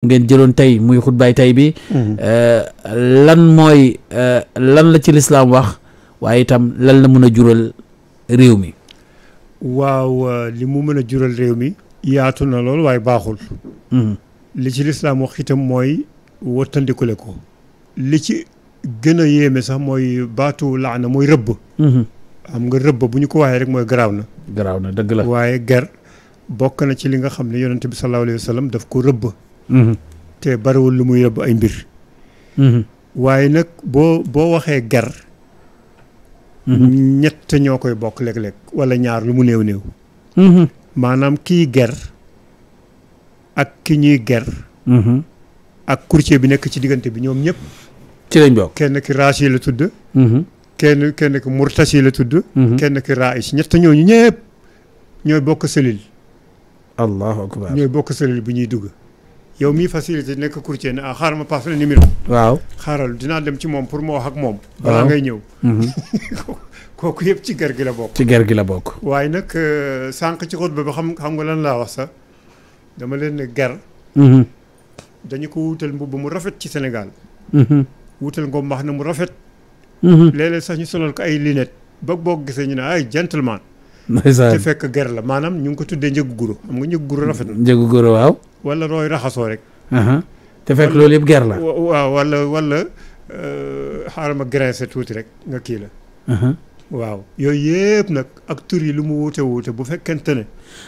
ngeen jëloon tey muy xutbaay tey bi mhm. euh, lan mooy euh, lan la ci lislaam wax waaye itam lan la mën a jural réew mi waaw euh, li mu mën a jural réew mi yaatu na lool waaye baaxul mhm. li ci lislaam wax itam mooy wattandikule ko li ci gën a yéeme sax mooy baatu laana mooy rëbb mhm. am nga rëbb bu ñu ko waxee rek mooy garaaw na garaaw na dëgg la waaye ger bokk na ci li nga xam ne yonent bi sallallahu alayhi wa daf ko rëbb Mhm. te bariwul lu muy yóbbu ay mbir mhm. waaye nag boo boo waxee ger mhm. ñett ñoo koy bokk léeg-léeg wala ñaar lu mu néew néew maanaam kii ger ak ki ñuy ger ak courtier bi nekk ci diggante bi ñoom ñëpp ci lañ kenn ki raas la tudd kenn kenn ki murtas yi la tudd kenn ki raais ñett ñooñu ñëpp ñooy bokk selil allahu ñooy bokk selil bu ñuy dugg yow mii facilité nekk courtier ne ah xaaral ma passe la numéro. waaw xaaral dinaa dem ci moom pour ma wax ak moom. balaa ngay ñëw. Mhm. kooku yëpp ci ger gi la bokk. ci ger gi la bokk. waaye nag euh, sànq ci xutba bi xam xam nga lan laa wax sax dama leen ne ger. Mhm. dañu ko wutal mbubb mu rafet ci Sénégal. Mhm. wutal ngoo mbaax na mu rafet. léeg-léeg sax ñu sonal ko ay lunettes ba boo gisee ñu ne ay gentleman. te fekk ger la maanaam ñu ngi ko tuddee njëgu guro xam nga njëgu guro rafet na njëgu guro waaw wala rooy raxasoo rek loolu yëpp ger la waaw wala wala euh, xaaral ma grincé tuuti rek nga kii la waaw yooyu yëpp nag ak tur lu mu wuute wuute bu fekkente ne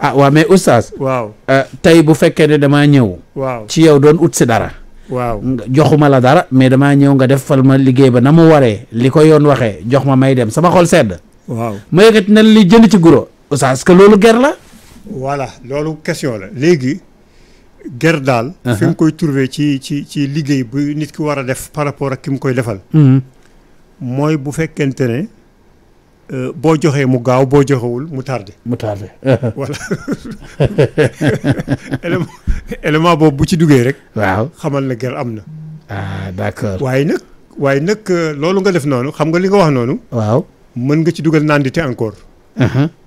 ah waaw mais oustaz waaw euh, tey bu fekkee ne damaa ñëw waaw ci yow doon ut si dara waaw joxuma la dara mais damaa ñëw nga def fa defal ma liggéey ba na mu waree li ko yoon waxee jox ma may dem sama xol sedd waaw ma yëkkati na li jënd ci guro oustaz est loolu ger la voilà loolu question la léegi ger daal fi mu uh-huh. koy trouver ci ci ci liggéey bu nit ki war a def par rapport ak ki mu koy defal uh-huh. mooy bu fekkente ne euh, boo joxee mu gaaw boo joxewul mu tardé mu tardé voilà élément boobu bu ci duggee rek waaw xamal na ger am na ah waaye nag waaye nag euh, loolu nga def noonu xam nga li nga wax noonu waaw mën nga ci dugal nandite encore.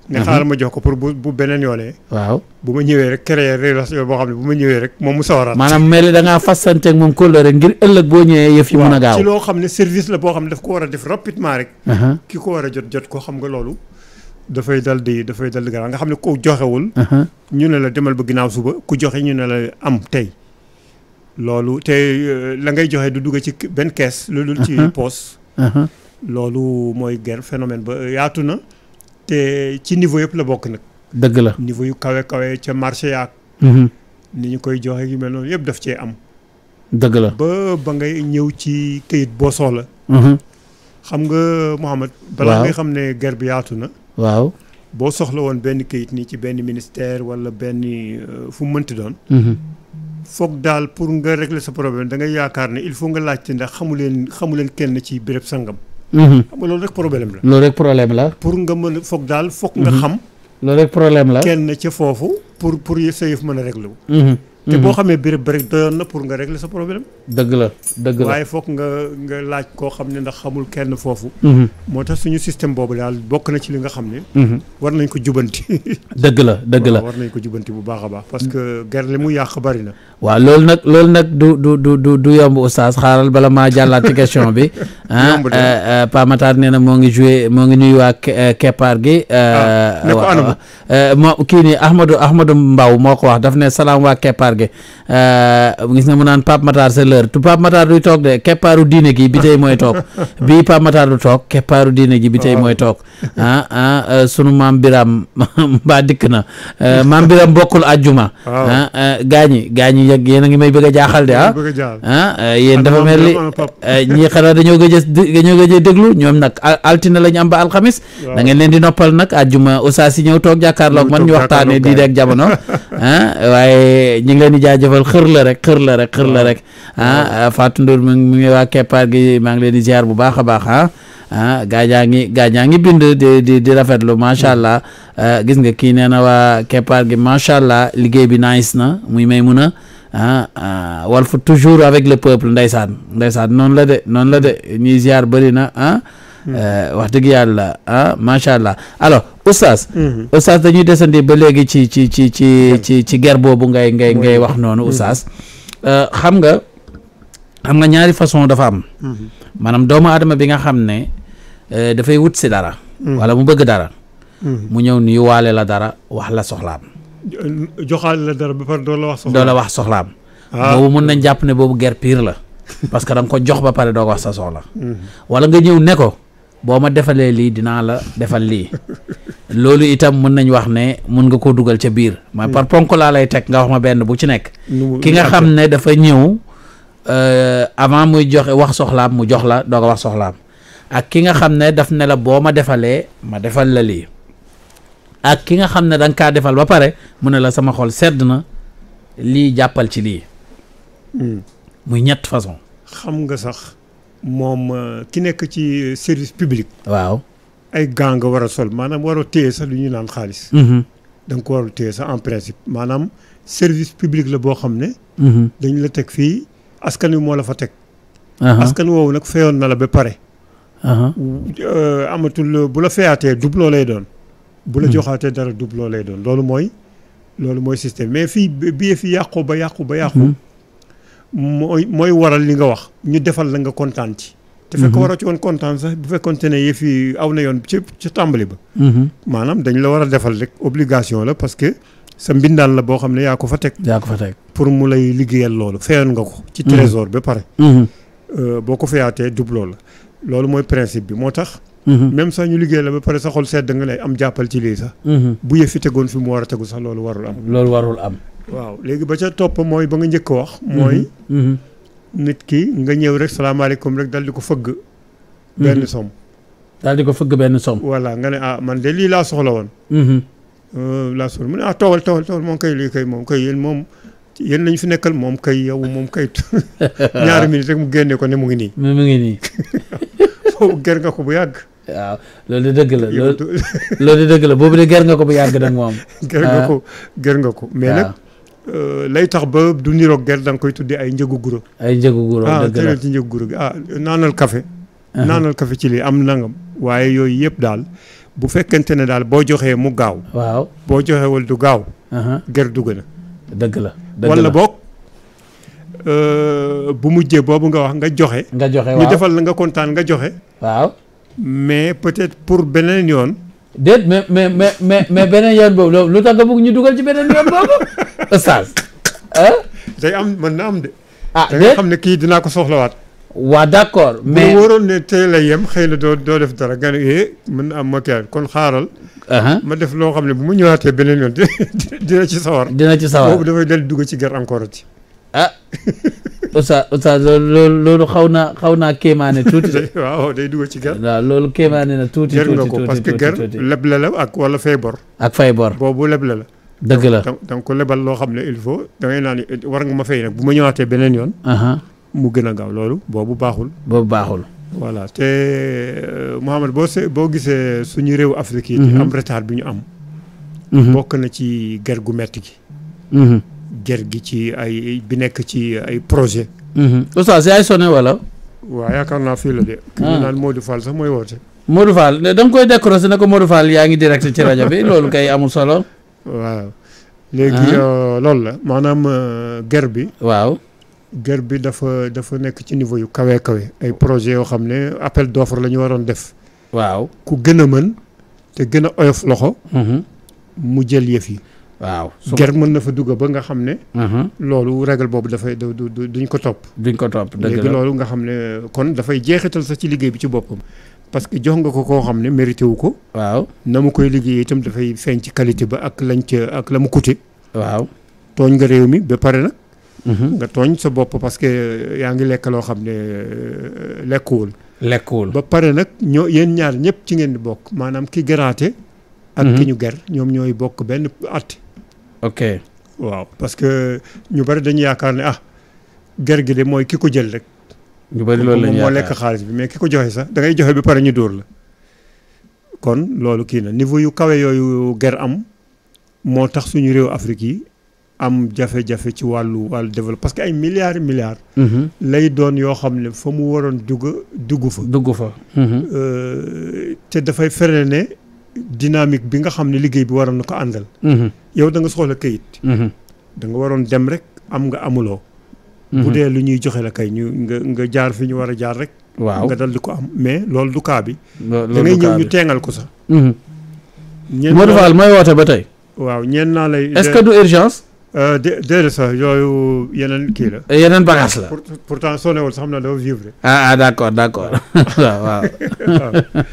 ne xaaral ma jox ko pour bu bu beneen yoonee. waaw bu ma ñëwee rek créer relation boo xam ne bu ma ñëwee rek moom mu sawaraat. maanaam mel ni da ngaa fasanteeg moom kóllëre ngir ëllëg boo ñëwee yëf yi mën a gaaw ci loo xam ne service la boo xam ne daf ko war a def rapidement rek. ki ko war a jot jot ko xam nga loolu. dafay dal di dafay dal di garaaw nga xam ne ku joxewul. ñu ne la demal ba ginnaaw suba ku joxe ñu ne la am tey. loolu te euh, la ngay joxe du dugg ci benn kees. lu ci poos. loolu mooy guerre phénomène ba euh, yaatu na te ci niveau yëpp la bokk nag. dëgg la niveau yu kawe kawe ca ya yaak. Mhm. ni ñu koy joxe yu mel noonu yëpp daf cee am. dëgg la ba ba ngay ñëw ci këyit boo soxla. Mhm. xam nga Mouhamed. balaa nga xam ne guerre bi yaatu na. waaw boo soxla woon benn këyit nii ci benn ministère wala benn euh, fu mu mënti doon. Mhm. foog daal pour nga régler sa problème da ngay yaakaar ne il faut nga laajte ndax xamu leen xamu leen kenn ci béréb sangam. Mhm. xam nga loolu rek problème la. loolu rek problème la. pour nga mën a daal foog nga mhm. xam. loolu rek problème la. kenn ca foofu pour pour say yëf mën a réglé wu. Mhm. te boo mhm. xamee béréb bi rek doyoon na pour nga régler sa problème. dëgg la dëgg la waaye foog nga nga laaj koo xam ne ndax xamul kenn foofu. Mhm. moo tax suñu système boobu daal bokk na li nga xam ne. Mhm. war nañ ko jubanti. dëgg la dëgg la war nañ ko jubanti bu baax a baax parce que gerte li mu yàq bari na. waaw loolu nag loolu nag du du du du du yomb oustaz xaaral bala maa jàllaat ci question bi. Ah, yomb de euh, euh, Pa Matar nee na moo ngi joué moo ngi nuyu waa euh, keppaar gi. Ah, ne ko anam moo kii nii Ahmadou Ahmadou Mbaw moo ko wax daf ne salaam waa keppaar ge eh, gis nga mu naan Pape Matar sa leer tu Pape Matar duy toog de keppaaru diine gi bi tey mooy toog bii Pape Matar du toog bi tey mooy toog ah, ah, eh, sunu maam Biram mbaa dikk na eh, maam Biram bokkul àjjuma ah gaañi gaañi yëg yéen a ngi may bëgg a jaaxal de ah ah yéen dafa mel ni ñii xanaa dañoo gëj a dañoo gëj a déglu ñoom nag altine lañ am ba alxamis da ngeen leen di noppal nag àjjuma Oustaz si ñëw toog jàkkaarloog man ñu waxtaane diine ak jamono ah, waaye ñu ngi leen di jaajëfal xër la rek xër la rek xër la rek ah Fatou Ndour mi ngi waa keppaar gi maa ngi leen di ziar bu baax a baax ah ah gaajaa ngi gaajaa ngi bind di di di rafetlu macha hmm. allah ah, gis nga kii nee na waa keppaar gi macha allah liggéey bi nice na muy may mun a ah, ah Walf toujours avec le peuple ndeysaan ndeysaan noonu la de noonu la de ñuy ziar bëri Euh, wax dëgg yàlla ah macha allah alors mhm. oustaz. dañuy desandi ba léegi ci ci ci ci ci ci guerre boobu ngay ngay ngay wax noonu mhm. oustaz. Euh, xam nga xam nga ñaari façon dafa am. Mhm. maanaam doomu aadama bi nga xam ne euh, dafay wut si dara. wala mu bëgg dara. mu ñëw waale la dara wax la soxlaam. joxaale la dara ba pare doo la wax soxlaam doo ah. boobu mun nañ jàpp ne boobu guerre pire la. parce que da ko jox ba pare doo wax sa soxla. wala nga ñëw ne boo ma defalee lii dinaa la defal lii loolu itam mën nañ wax ne mën nga koo dugal ca biir ma hmm. par ponk laa lay teg nga wax ma benn bu ci nekk ki nga xam ne dafa ñëw euh, avant muy joxe wax soxlaam mu jox la doo a wax soxlaam ak ki nga xam ne daf ne la boo ma defalee ma defal la lii ak ki nga xam ne da nga kaa defal ba pare mu ne la sama xol sedd na lii jàppal ci lii hmm. muy ñett façon xam nga sax moom euh, ki nekk ci euh, service public. waaw ay gants nga war a sol maanaam waroo téye sax lu ñu naan xaalis. Mm-hmm. da nga ko warul téye sax en principe maanaam service public la boo xam ne. Mm-hmm. dañ la teg fii askan wi moo la fa teg. Uh-huh. askan woowu nag feyoon na la ba pare. Uh-huh. Euh, amatul bu la feyaatee doublon lay doon. bu la mm-hmm. joxaatee dara doublon lay doon loolu mooy. loolu mooy système mais fii bi fii yàqu ba yàqu ba yàqu. mooy mooy waral li nga wax ñu defal la nga kontaan ci. te fekk mhm. waroo ci woon kontaan sax bu fekkoon te ne yëf na yoon mhm. la war a defal rek la parce que sa mbindaan la boo xam ne yaa ko fa teg. yaa ko fa teg pour mu lay liggéeyal nga ko. Mhm. ba pare. Euh, boo la loolu mooy bi moo tax. même sax ñu liggéey la ba pare sa xol sedd nga lay am jàppal sax. bu yëf tegoon fi mu war a tegu sax loolu warul am. loolu warul am. waaw léegi ba ca topp mooy ba nga njëkk wax. mooy. Mm-hmm. Mm-hmm. nit ki nga ñëw rek salaamaaleykum rek dal di ko fëgg. Mm-hmm. benn somme. daal di ko fëgg benn som voilà nga ne a ah, man de lii laa soxla woon. Euh, laa soxla mu ne ah toogal toogal toogal moom kay lii kay moom kay yéen moom yéen lañu fi nekkal moom kay yow moom kay. ñaari minutes rek mu génne ko ne mu ngi nii. mu ngi nii. foofu ger nga ko bu yàgg. waaw loolu dëgg la loolu loolu boobu de ger nga ko bu yàgg nag moom. ger nga ko ah. ger nga ko mais ah. nag. Euh, lay tax ba du niroog der da nga koy tuddee ay njëgu guro. ay njëgu guro ah, dëgg la ah ci njëgu guro gi ah naanal café naanal café ci lii am nangam. waaye yooyu yëpp daal bu fekkente ne daal boo joxee mu gaaw. waaw boo joxewul du gaaw. ger dugg na. dëgg la dëgg la wala boog euh, bu mujjee boobu nga wax nga joxe. nga joxe waaw ñu la nga kontaan nga joxe. waaw mais peut-être pour beneen yoon. déet mais mais mais mais mais beneen yoon boobu loolu lu tax nga bëgg ñu dugal ci beneen yoon boobu oustaz ah. day am mën na am de. ah déet da nga xam ne kii dinaa ko soxlawaat. waa d'accord mais bu waroon ne tey la yem xëy na doo doo def dara nga ne eh mën na am ma kii kon xaaral. ma def loo xam ne bu mu ñëwaatee beneen yoon dina ci sawar. dina ci sawar boobu dafay dellu dugg ci ger encore ci ah. Oustaz Oustaz loolu loolu xaw naa xaw naa kéemaane tuuti de. waaw day dugg ci gar. waaw loolu kéemaane na tuuti tuuti tuuti tuuti parce que gar leble la ak wala fay bor. ak fay bor boobu leble la. dëgg la donc ko lebal loo xam ne il faut da naan war nga ma fay nag bu ma ñëwaatee beneen yoon. mu gën a gaaw loolu boobu baaxul. boobu baaxul. voilà te euh, Mouhamed boo see boo gisee suñu réew Afrique yi. Mhm. am retard bi ñu am. Mhm. bokk na ci gar gu metti gi. Mhm. ger gi ci ay bi nekk ci ay projet mhm. oustaz yaay sonné wala waaw yaakaar naa fii la de ah. ki ñu naan Modou sax mooy woote Modou Fall da nga koy décroché ne ko Modou Fall yaa ngi direct ci rajo bi loolu kay amul solo waaw léegi ah. euh, loolu la maanaam euh, ger bi waaw ger bi dafa dafa nekk ci niveau yu kawee kawe ay projet yoo xam ne appel d'offre la ñu waroon def waaw ku gën a mën te gën a oyof loxo mhm. mu jël yëf yi waaw ger mën na fa dugg ba nga xam ne. Uh-huh. loolu régal boobu dafay du du duñ ko topp. duñ ko topp dëgg la léegi loolu nga xam ne kon dafay jeexital sax ci liggéey bi ci boppam. parce que jox nga ko koo xam ne mérité wu ko. waaw na mu koy liggéey itam dafay feeñ ci qualité ba ak lañ ca ak la mu coûté. waaw tooñ nga réew mi ba pare nag. Uh-huh. nga tooñ sa bopp parce que yaa ngi lekk loo xam ne euh, lekkuwul. lekkuwul ba pare nag ñoo yéen ñaar ñëpp ci ngeen di bokk maanaam ki gëraate. ak uh-huh. ki ñu ger ñoom ñooy bokk benn at. ok waaw parce que ñu bari dañu yaakaar ni ah ger gi de mooy ki ko jël rek. ñu bari loolu la ñu moo lekk xaalis bi mais ki ko joxe sax dangay joxe bi pare ñu dóor la. kon loolu kii na niveau yu kawe yooyu ger am moo tax suñu réew Afrique yi am jafe-jafe ci wàllu wàllu développement parce que ay milliards milliards. Mhm. lay doon yoo xam ne fa mu waroon dugg dugg fa. dugg fa. Mhm. Euh, te dafay fere ne. dynamique bi nga xam ne liggéey bi waroon na ko àndal. Mhm. yow da nga soxla kayit. Mhm. da nga waroon dem rek am nga amuloo. Mhm. bu dee lu ñuy joxe la kay ñu nga nga jaar fi ñu war a jaar rek. nga dal di ko am mais loolu du cas bi. loolu da ñëw ñu teengal ko sax. ñenn Modou Fall mooy woote ba tey. waaw ñeen naa lay. est-ce que du urgence. Euh, dé déedéet sax yooyu yeneen kii la. yeneen bagages la. pourtant soo newul sax xam naa dafa vivre. ah ah,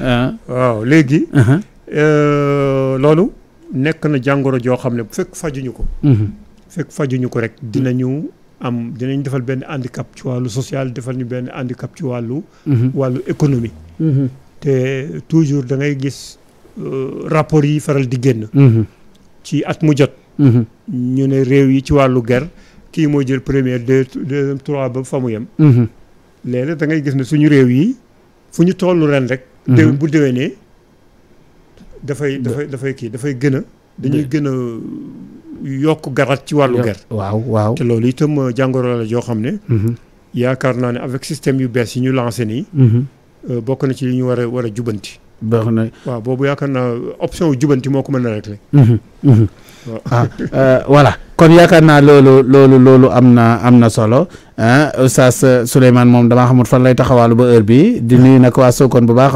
ah. waaw léegi. Uh-huh. Euh, loolu nekk na jàngoro joo xam ne bu fekk fajuñu ko. Mhm. fekk fajuñu ko rek dina dinañu. am dinañ defal benn handicap ci wàllu social defal ñu benn handicap ci wàllu. Mhm. wàllu économie. Mhm. te toujours da gis euh, rapport yi faral di génn. ci at mu jot. ñu ne réew yi ci wàllu guerre kii mooy jël première deux deuxième ba fa mu yem. léeg-léeg gis ne suñu réew yi fu ñu tollu ren rek. déwén bu déwénee dafay dafay dafay kii dafay gën a dañuy gën a yokk garat ci wàllu ger waaw waaw te loolu itam euh, jàngoro la joo xam ne mm-hmm. yaakaar naa ne avec système yu bees yi ñu lancé nii mm-hmm. euh, bokk na ci li ñu war a war a jubanti baax na waaw boobu yaakaar naa euh, option wu jubanti moo ko mën a réglé mm-hmm. waaw ah, voilà kon yaakaar naa loolu loolu loolu am na am na solo ah, Oustaz Souleymane moom damaa xamul fan lay taxawaalu ba heure bi di nuyu nag waa Sokone bu baax